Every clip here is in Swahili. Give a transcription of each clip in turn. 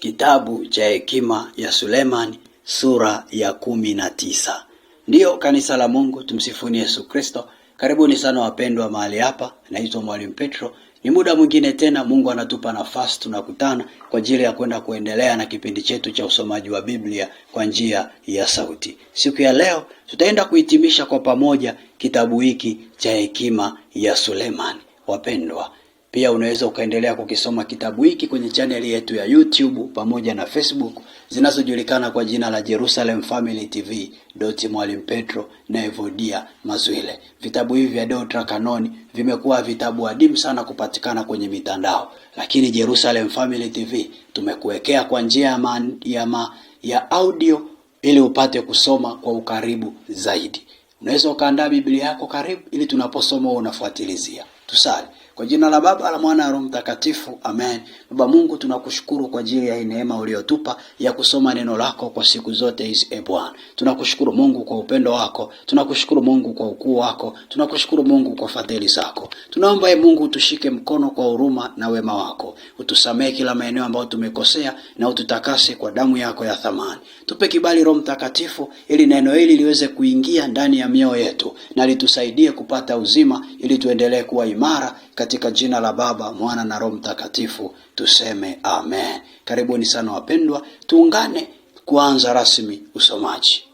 Kitabu cha hekima ya Sulemani sura ya kumi na tisa. Ndiyo kanisa la Mungu, tumsifuni Yesu Kristo. Karibuni sana wapendwa mahali hapa, naitwa Mwalimu Petro. Ni muda mwingine tena Mungu anatupa nafasi, tunakutana kwa ajili ya kwenda kuendelea na kipindi chetu cha usomaji wa Biblia kwa njia ya sauti. Siku ya leo tutaenda kuhitimisha kwa pamoja kitabu hiki cha hekima ya Sulemani. Wapendwa, pia unaweza ukaendelea kukisoma kitabu hiki kwenye chaneli yetu ya YouTube pamoja na Facebook zinazojulikana kwa jina la Jerusalem Family TV doti Mwalimu Petro na Evodia Mazwile. Vitabu hivi vya Deutra Kanoni vimekuwa vitabu adimu sana kupatikana kwenye mitandao, lakini Jerusalem Family TV tumekuwekea kwa njia ya, ya, ma, ya audio ili upate kusoma kwa ukaribu zaidi. Unaweza ukaandaa Biblia yako karibu, ili tunaposoma unafuatilizia. Tusali. Kwa jina la Baba la Mwana na Roho Mtakatifu, amen. Baba Mungu, tunakushukuru kwa ajili ya neema uliyotupa ya kusoma neno lako kwa siku zote hizi. E Bwana, tunakushukuru Mungu kwa upendo wako, tunakushukuru Mungu kwa ukuu wako, tunakushukuru Mungu kwa fadhili zako. Tunaomba e Mungu utushike mkono kwa huruma na wema wako, utusamehe kila maeneo ambayo tumekosea na ututakase kwa damu yako ya thamani. Tupe kibali Roho Mtakatifu ili neno hili liweze kuingia ndani ya mioyo yetu na litusaidie kupata uzima ili tuendelee kuwa imara katika jina la Baba, Mwana na Roho Mtakatifu tuseme amen. Karibuni sana wapendwa, tuungane kuanza rasmi usomaji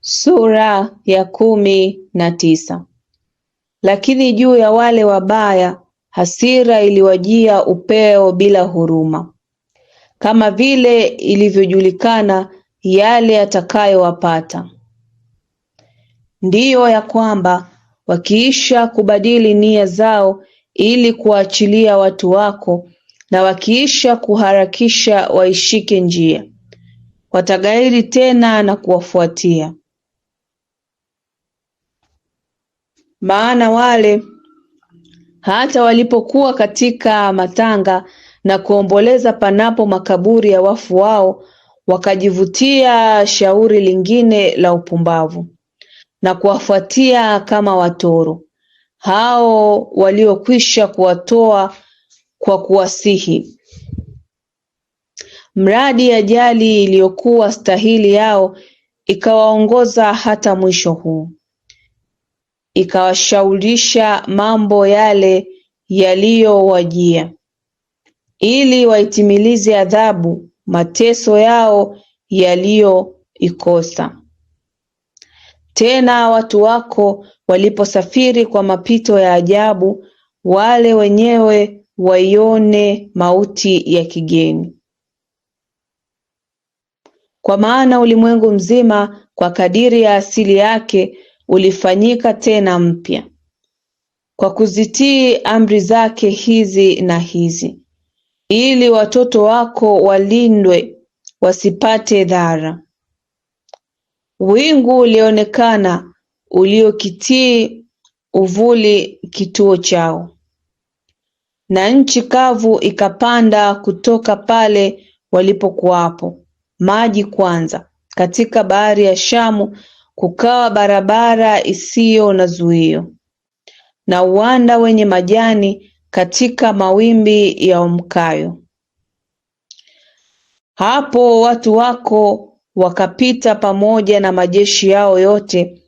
sura ya kumi na tisa. Lakini juu ya wale wabaya hasira iliwajia upeo bila huruma, kama vile ilivyojulikana yale yatakayowapata, ndiyo ya kwamba wakiisha kubadili nia zao ili kuwaachilia watu wako na wakiisha kuharakisha waishike njia, watagairi tena na kuwafuatia. Maana wale hata walipokuwa katika matanga na kuomboleza panapo makaburi ya wafu wao, wakajivutia shauri lingine la upumbavu na kuwafuatia kama watoro hao waliokwisha kuwatoa kwa kuwasihi, mradi ajali iliyokuwa stahili yao ikawaongoza hata mwisho huu, ikawashaulisha mambo yale yaliyowajia, ili waitimilize adhabu mateso yao yaliyoikosa. Tena watu wako waliposafiri kwa mapito ya ajabu wale wenyewe waione mauti ya kigeni kwa maana ulimwengu mzima kwa kadiri ya asili yake ulifanyika tena mpya kwa kuzitii amri zake hizi na hizi, ili watoto wako walindwe wasipate dhara. Wingu ulionekana uliokitii uvuli kituo chao na nchi kavu ikapanda kutoka pale walipokuwapo maji kwanza katika bahari ya Shamu kukawa barabara isiyo na zuio na uwanda wenye majani katika mawimbi ya omkayo Hapo watu wako wakapita pamoja na majeshi yao yote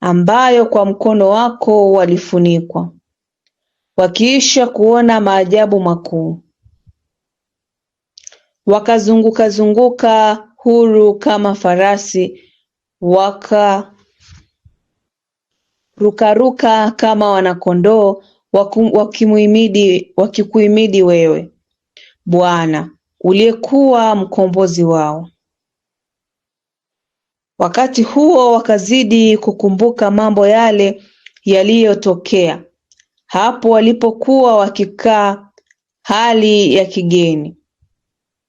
ambayo kwa mkono wako walifunikwa, wakiisha kuona maajabu makuu, wakazunguka zunguka huru kama farasi, wakarukaruka kama wanakondoo, wakimuhimidi wakikuhimidi wewe Bwana uliyekuwa mkombozi wao. Wakati huo wakazidi kukumbuka mambo yale yaliyotokea hapo walipokuwa wakikaa hali ya kigeni,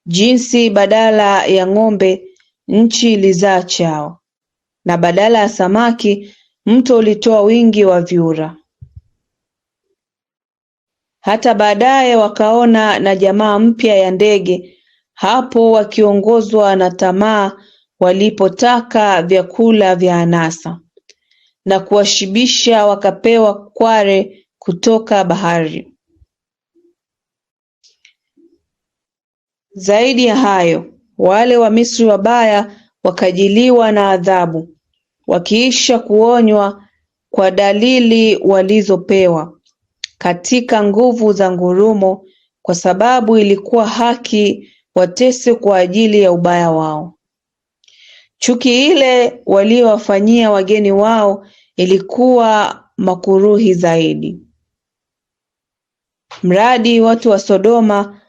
jinsi badala ya ng'ombe nchi ilizaa chao, na badala ya samaki mto ulitoa wingi wa vyura. Hata baadaye wakaona na jamaa mpya ya ndege, hapo wakiongozwa na tamaa walipotaka vyakula vya anasa na kuwashibisha wakapewa kware kutoka bahari Zaidi ya hayo wale Wamisri wabaya wakajiliwa na adhabu wakiisha kuonywa kwa dalili walizopewa katika nguvu za ngurumo kwa sababu ilikuwa haki watese kwa ajili ya ubaya wao Chuki ile waliowafanyia wageni wao ilikuwa makuruhi zaidi mradi watu wa Sodoma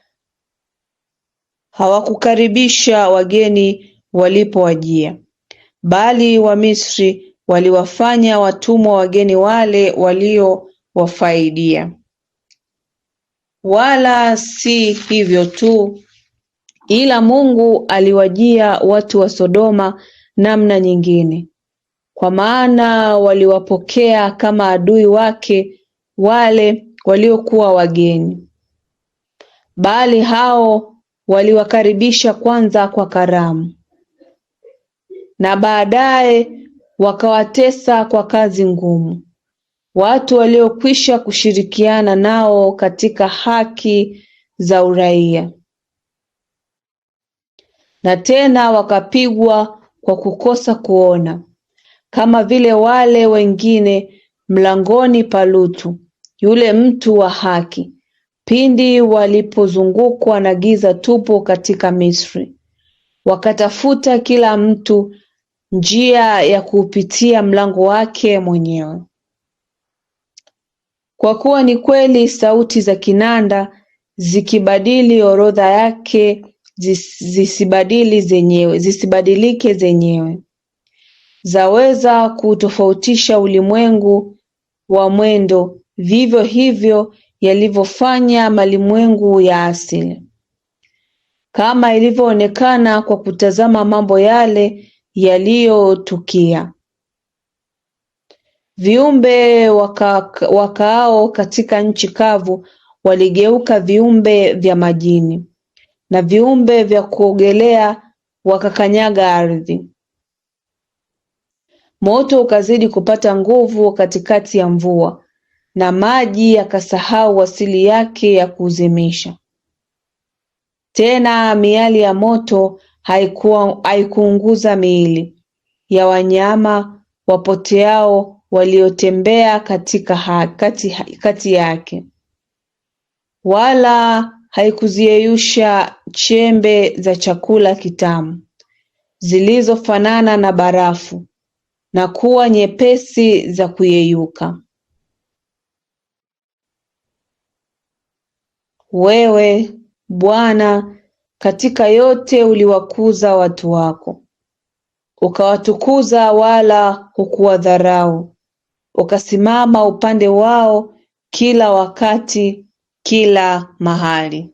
hawakukaribisha wageni walipowajia bali Wamisri waliwafanya watumwa wageni wale waliowafaidia wala si hivyo tu Ila Mungu aliwajia watu wa Sodoma namna nyingine, kwa maana waliwapokea kama adui wake wale waliokuwa wageni, bali hao waliwakaribisha kwanza kwa karamu, na baadaye wakawatesa kwa kazi ngumu watu waliokwisha kushirikiana nao katika haki za uraia na tena wakapigwa kwa kukosa kuona, kama vile wale wengine mlangoni pa Lutu yule mtu wa haki, pindi walipozungukwa na giza tupu katika Misri, wakatafuta kila mtu njia ya kuupitia mlango wake mwenyewe. Kwa kuwa ni kweli sauti za kinanda zikibadili orodha yake zisibadilike zenyewe zaweza kutofautisha ulimwengu wa mwendo vivyo hivyo yalivyofanya malimwengu ya asili kama ilivyoonekana kwa kutazama mambo yale yaliyotukia viumbe waka, wakaao katika nchi kavu waligeuka viumbe vya majini na viumbe vya kuogelea wakakanyaga ardhi Moto ukazidi kupata nguvu katikati ya mvua na maji yakasahau asili yake ya kuuzimisha. Tena miali ya moto haikuwa haikuunguza miili ya wanyama wapoteao waliotembea katika kati, kati yake wala haikuziyeyusha chembe za chakula kitamu zilizofanana na barafu na kuwa nyepesi za kuyeyuka Wewe, Bwana, katika yote uliwakuza watu wako, ukawatukuza wala hukuwadharau, ukasimama upande wao kila wakati kila mahali.